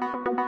thank you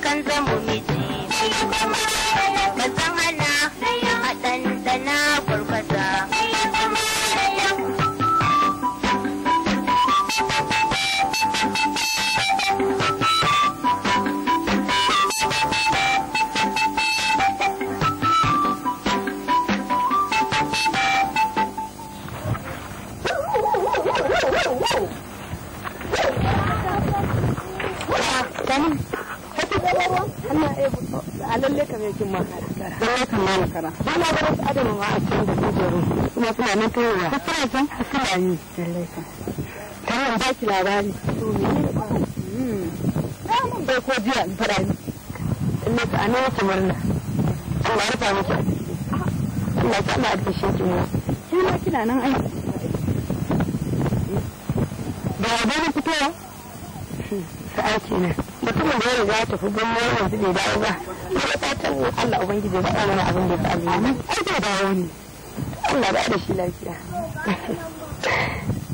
kan zamo miji. Tana ba ki labari. Samun bai ko jiya in fara ni. In na ta'ana wata murna. Allah ya rufa miki a Allah ta Allah da shi mu. Ki ma kina nan ai. Ba ba ni fitowa. Sa'a kenan. Mutumin da ya riga tafi gun mai yanzu bai dawo ba. Ya fatan Allah ubangiji ya faɗa mana abin da ya faɗa. Ai bai dawo ne. Allah ba da shi lafiya.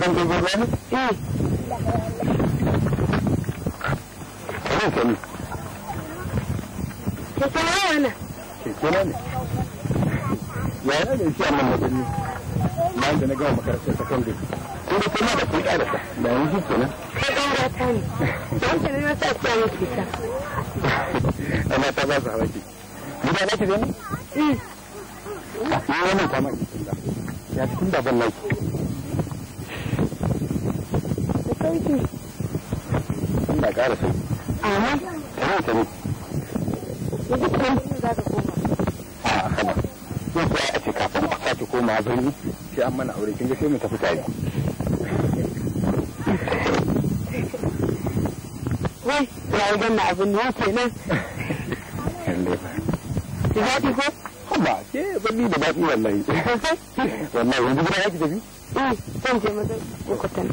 Kan jirgin ruwa ne? Eh. Kamar kenan. Ke kuma yawa na? Ke kuma ne. Yaya ne shi a nan wajen ne? da na gama makarantar sakandare. Kun da kuma da kun ƙarasa. Da yanzu kenan. Kai ɗan gata ne. Don kenan na sa ciya yake ta. Ana ta ba su hawa ke. Gida za ki gani? Eh. Ni wannan kwamaki tun da. Ya tun da ban naki. sauki da ƙara sai ta ne yanzu za ka koma a a ce kafin a sake koma birni sai an mana aure kin ga sai mu tafi tare wai ya yi ganna abin ki ko ke da wallahi wallahi yanzu ki tafi eh zan je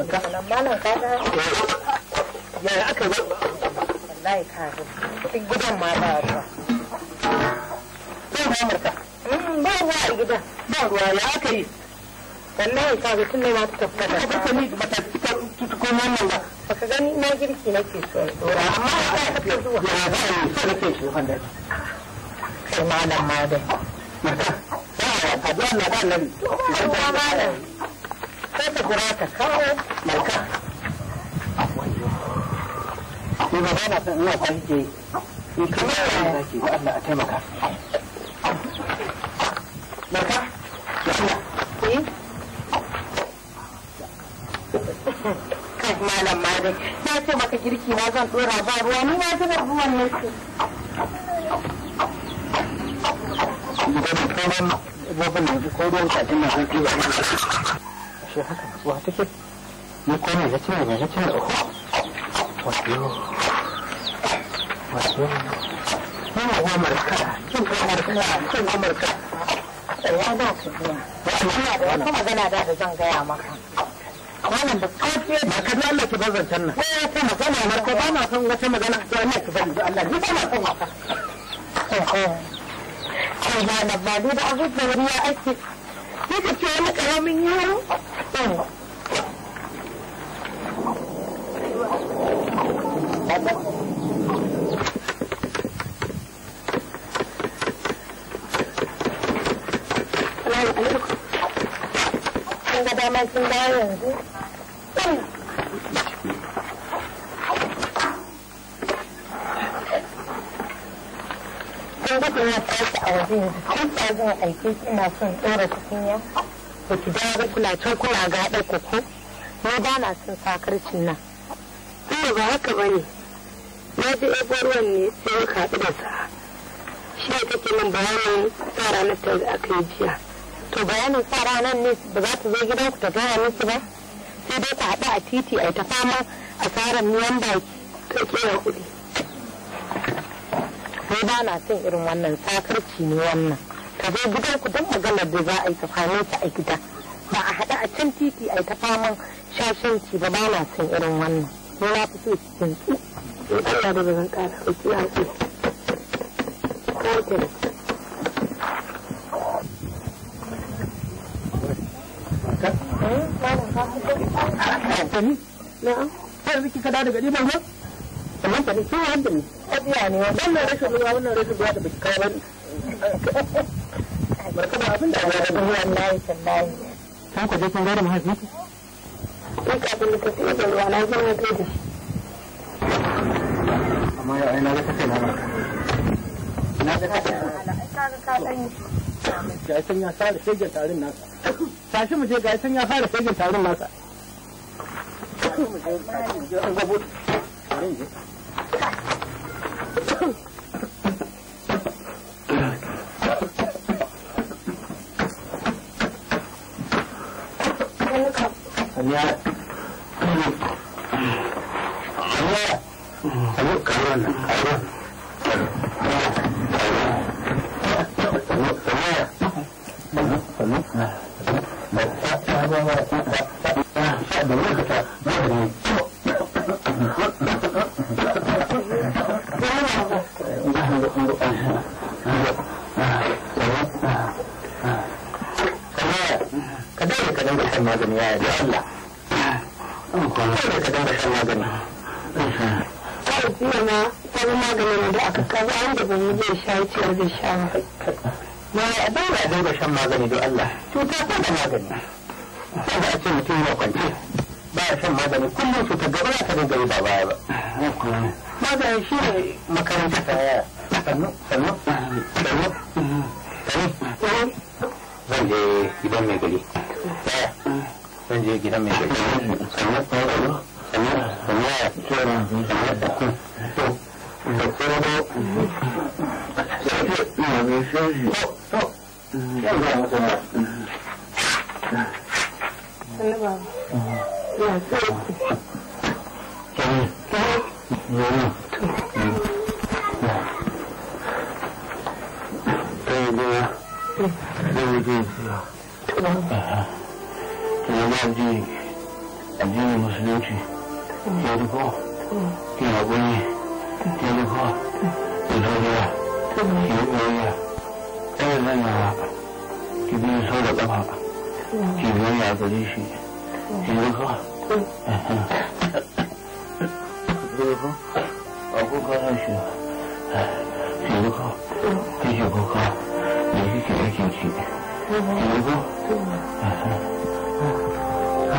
maka malam ka ga aka yi wallahi gidan ma ba ruwa ba ba ruwa a gidan ba ruwa ya aka yi wallahi tun ne ta ba ta ni ba ta wannan ba gani na girki nake so dora amma ba ta zuwa ya ba ni nake so handa sai malam ma maka ba ba na ba ba kira ka kawo mai ka ni ba san ina san ke ni kamar da ba Allah a taimaka maka ya Allah kai malam ma dai ce maka girki na zan dora ba ruwa ni na zuba ruwan ne ce ba ba ba ba ba ba ba ba ashe haka nasuwa take ko ne ne oho ne kin kin eh, ya da su biya wato ina da wata magana da zan gaya maka wannan ka Allah ki bazan can nan eh ko magana ba na wata magana ki bani Allah ni ba na Kai ba na ba da ake. Ni ka ce wani karamin yaro sun dawo yanzu. Kun ga kuma tashi a waje yanzu, kun ta aiki ina son ɗora tukunya. ba dawa dawo ba kuna can kuna ga haɗa koko ni ba na son sakarcin nan. Ina ba haka ba ne. Na ji ebo ruwan ne sai ya kaɗu da sa. Shi ne take min bayanin sa ranar ta aka yi jiya. To bayanin sa ranar ne ba za ta zo gidanku ta gaya musu ba. Sai dai ta haɗu a titi a ta fama a tsarin miyan baki. Ka kera kuɗi. Ni ba na son irin wannan sakarci ne wannan. ka zo gidan ku don maganar da za a yi ka ta a gida ba a haɗa a can titi a yi ta shashanci ba ba na son irin wannan na fi so da zan ƙara ɗauki a ce eh, Na'am. daga ruwa? Kamar ta ne, ne, wannan rashin ruwa, wannan rashin ruwa da kawo barka da abin da ya kan kun ce da ruwa na amma ya aina da kake na na da kake ga san ya fara tarin nasa tashi mu je ga ya fara tarin nasa tashi mu je ga ya fara tarin nasa Kadang-kadang bersama dunia, ya Allah. cewa zai sha ma ba ya dinga shan magani don Allah cuta ta da magani sai a ce mutum yana kwance ba ya shan magani kullum cuta gaba ta dinga yi ba baya ba magani shi ne makaranta ta yaya sannu sannu sannu zan je gidan mai gari zan je gidan mai gari sannu sannu sannu sannu sannu sannu sannu 休嗯，你休息。坐坐，嗯，现在我说，嗯，嗯，真的吗？嗯，对呀，真的。嗯，嗯。真的吗？嗯，真的。真对吗？嗯。嗯，你老弟，老弟有什么事情？家里哥，嗯，家里哥，嗯，家里哥，对兄弟。洗不来。哎呀，你不用收拾了嘛，洗不洗自己洗。洗不洗？嗯。嗯，嗯，嗯，嗯，嗯，嗯，嗯，嗯，嗯，嗯，嗯，嗯，嗯。嗯，嗯，嗯，嗯，嗯，嗯，嗯，嗯，嗯，嗯，嗯，嗯，嗯，嗯，嗯，嗯。嗯，嗯，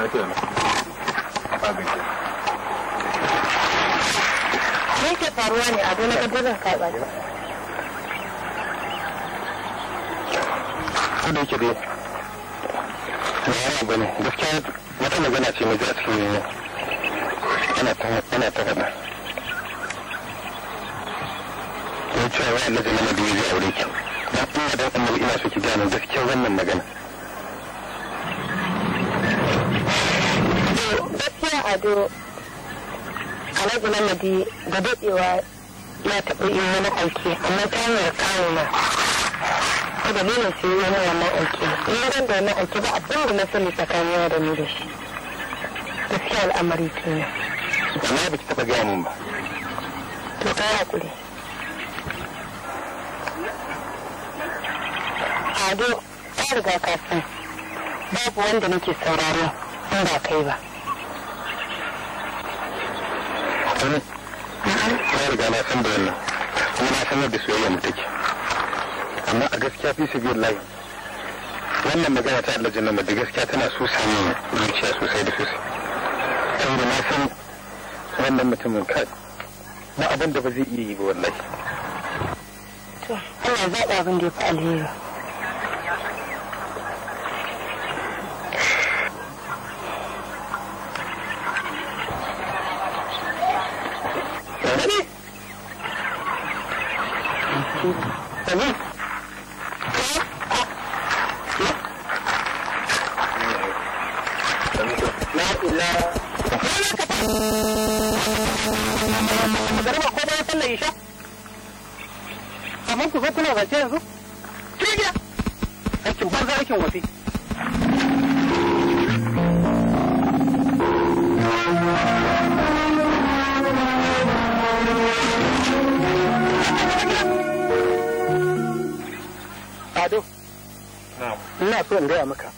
على كده مثلا بعد كده ليك فرواني ادونا كده كده انا كده ان بني بس كانت ما كنا بنا في مزاد في انا انا اعتقد لا تشاهد لازم انا بيجي اوريك لا تنسى ان الاله في كتابه بس كتابه من مجنه gaskiya ado alhaji namadi da daɗewa ya taɓa yi wani aiki amma ta hanyar kawo na ta dalilin su yi wani wannan aiki in ban da wannan aiki ba abin da na sani tsakanin da ni da shi gaskiya al'amari ce ne amma ba ki taɓa gaya min ba to ka hakuri ado ta riga ka babu wanda nake saurari in ba kai ba tun ya riga na san da wannan kuma na sanar da soyayya mu take amma a gaskiya fi su layi wannan magana ta Allah jinnama da gaskiya tana so sami zuciya sosai da sosai saboda na san wannan mutumin ba abin da ba zai iya yi ba wallahi to Allah zaɓa abin da ya fi alheri aikin wafi Ado, ina so in gaya maka,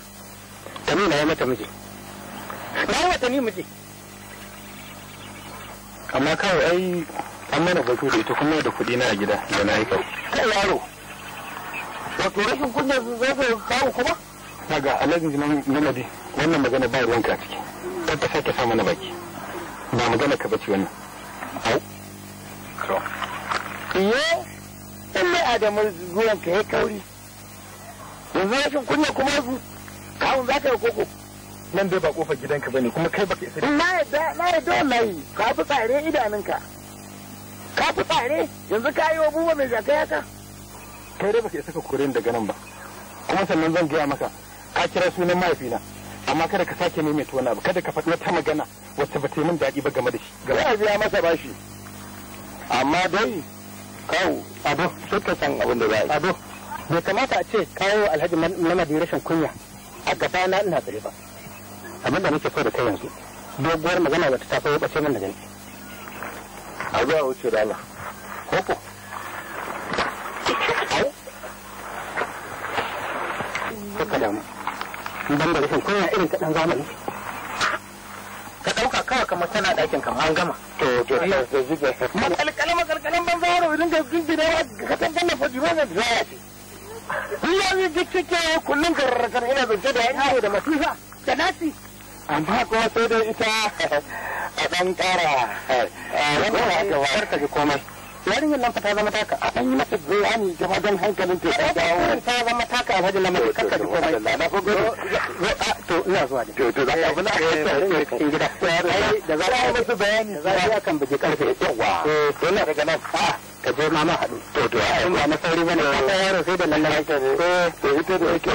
Tamina ya mata miji. Na yi watanni miji. Amma kawai ai an mana batu da ita kuma da kuɗi na a gida da na yi kai. Kai yaro, wato rashin kunya za ka samu kuma daga alhaji namadi wannan magana ba ruwanka a ciki kar sake sa mana baki ba magana ka bace wannan au Iye. in mai adamar zuwan ka ya kauri yanzu rashin kunya kuma kawun za ka yi koko nan dai ba kofar gidanka bane kuma kai baka isa na yadda na yadda wallahi ka fi tsare idanunka ka fi tsare yanzu ka yi wa buba mai zakai haka kai dai baka saka ka da daga nan ba kuma sannan zan gaya maka ka kira sunan mahaifina amma kada ka sake neme ta wani ba kada ka faɗi wata magana wacce ba ta min daɗi ba game da shi game da biya masa bashi amma dai kawo abu suka san abin da za a abu bai kamata a ce kawo alhaji mamadi rashin kunya a gaba na ina tsare ba abinda nake so da kai yanzu doguwar magana wata ta tafi bace min da gani a zuwa wuce rana ko ban da irin ta dan zamani ka ɗauka kawai kamar tana ɗakin kamar an gama to to to ban da gindina ya katangar da zaya ce ne ina zance da yan da masifa da nasi amma sai ita a ɗan ƙara wani haka ba ta ji komai yarinyar nan fa ta zama taka a ɗan yi mata bayani game don hankalin ta ta dawo eh, eh, eh, ta zama taka a wajen lamarin da komai na gudu to ina to to za ka cikin gida da za ka yi bayani za ka yi akan karfe yawa to ina daga nan ah, ka je ma haɗu to to na sauri bane ba ta yaro sai da lallai ka ne to ita da yake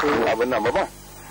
ba nan ba har sun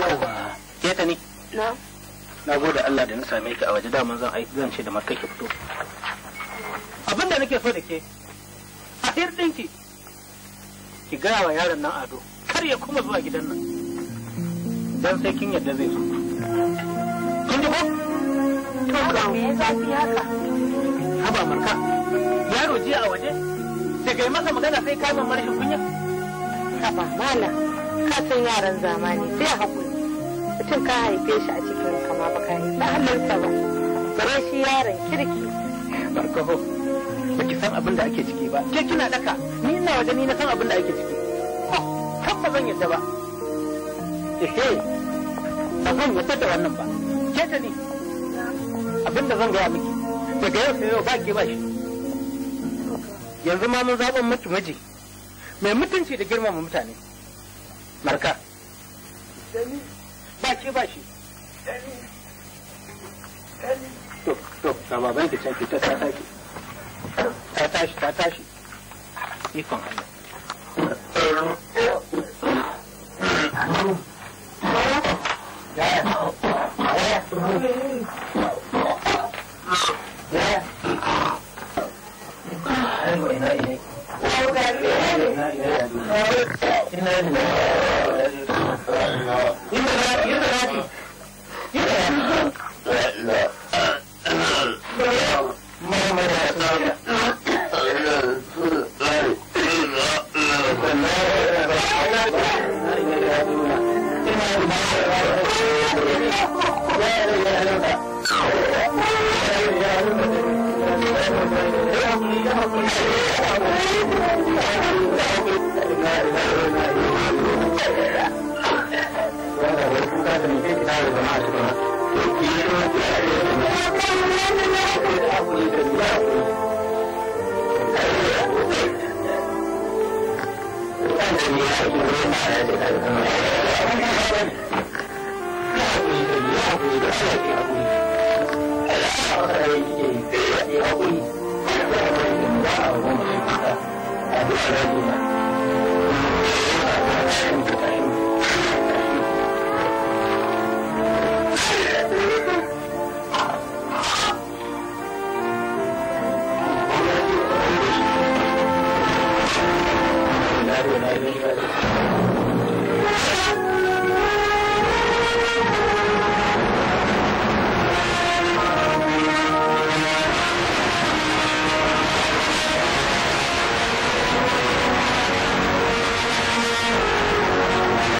yawa ya ta ne na gode Allah da na same ka a waje daman zan aiki zan ce da makai ki fito abin da nake so da ke a hirɗin ki ki gaya wa yaron nan ado kar ya kuma zuwa gidan nan dan sai kin yadda zai zo kin ji ko to me ya zafi haka haba marka yaro jiya a waje daga yi masa magana sai ka zama rashin kunya haba mala ka san yaran zamani sai a hakuri mutum ka haife shi a cikin kama baka yi na hannunsa ba bare shi yaron kirki barkaho baki san abin da ake ciki ba ke kina daka ni ina waje ni na san abin da ake ciki kan ba zan yadda ba ehe ba zan yadda da wannan ba ke da ni abin da zan gaya miki daga yau sai yau ba ke ba shi yanzu ma mun zaɓin miki miji mai mutunci da girmama mutane marka ba ke ba shi to to ki ta ta ta ta ikon Yeah. Ina da